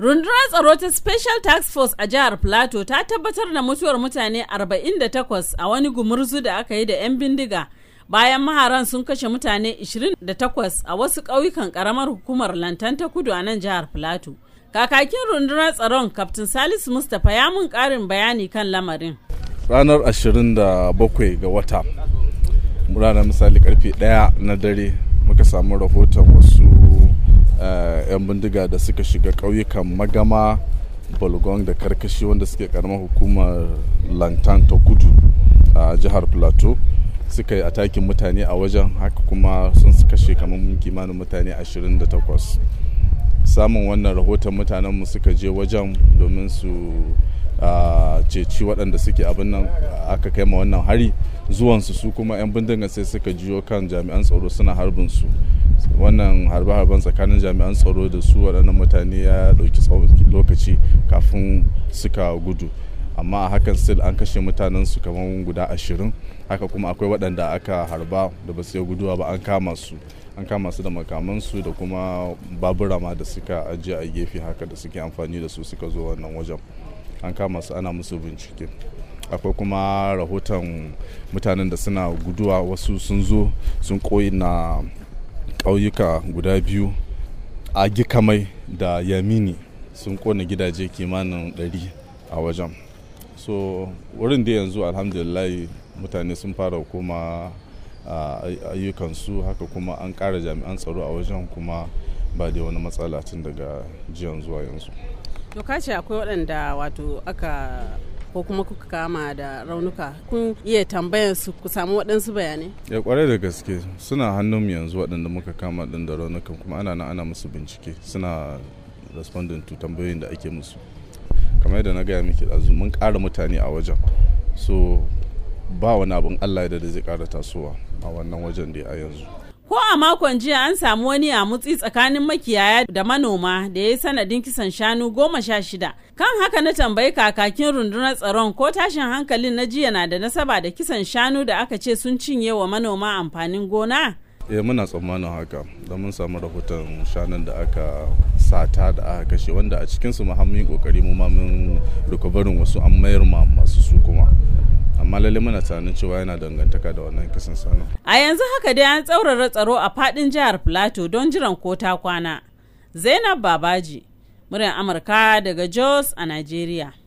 Rundunar tsaro ta Special Task Force a jihar Plateau ta tabbatar da mutuwar mutane 48 a wani gumurzu da aka yi da 'yan bindiga bayan maharan sun kashe mutane 28 a wasu ƙauyukan ƙaramar hukumar Lantan ta kudu a nan jihar Plateau. Kakakin rundunar tsaron Kaftin Salisu Mustapha ya mun ƙarin bayani kan lamarin. Ranar 27 ga wata, ranar misali karfe 1 na dare muka samu rahoton wasu Eh, 'yan bindiga da suka shiga kauyukan magama balgong da karkashi wanda suke karamar hukumar lantan ta kudu a jihar plateau suka yi atakin mutane a wajen haka kuma sun kashe kamar kimanin mutane 28 samun wannan rahoton mutanenmu suka je wajen domin su ceci waɗanda suke abin nan aka kai ma wannan hari zuwansu su kuma 'yan bindiga sai suka jiyo kan jami'an tsaro suna harbin su wannan harbe-harben tsakanin jami'an tsaro da su waɗannan mutane ya ɗauki lokaci kafin suka gudu amma a hakan still an kashe mutanen su kamar guda ashirin haka kuma akwai waɗanda aka harba da ba su yi guduwa ba an kama su an kama su da makamansu da kuma babura ma da suka ajiye a gefe haka da suke amfani da su suka zo wannan wajen an kama su ana musu bincike akwai kuma rahoton mutanen da suna guduwa wasu sun zo sun koyi na ƙauyuka guda biyu a gikamai da yamini sun kona gidaje kimanin 100 a wajen so wurin da yanzu alhamdulillah mutane sun fara koma ayyukansu haka kuma an ƙara jami'an tsaro a wajen kuma ba da wani matsala tun daga jiyan zuwa yanzu to kace akwai waɗanda wato aka ko kuma kuka kama da raunuka kun iya tambayar su ku samu waɗansu bayanai ya kwarai da gaske suna hannun yanzu waɗanda muka kama ɗin da raunukan kuma ana nan ana musu bincike suna responding to tambayoyin da ake musu kamar yadda na gaya miki ɗazu mun ƙara mutane a wajen so ba wani abin allah da zai ƙara tasowa a wannan wajen da a yanzu Ko a makon jiya an samu wani a mutsi tsakanin makiyaya da manoma da ya yi sanadin kisan shanu goma sha shida. Kan haka na tambayi kakakin rundunar tsaron ko tashin hankalin na jiya na da nasaba da kisan shanu da aka ce sun cinye wa manoma amfanin gona? e muna tsammanin haka da mun samu rahoton shanun da aka sata da aka kashe wanda a cikinsu mu kokari mu ma mun wasu an mayar amma lalle muna tunanin cewa yana dangantaka da wannan kisan sanu a yanzu haka dai an tsaurara tsaro a fadin jihar plateau don jiran ko ta kwana zainab babaji muryar amurka daga jos a najeriya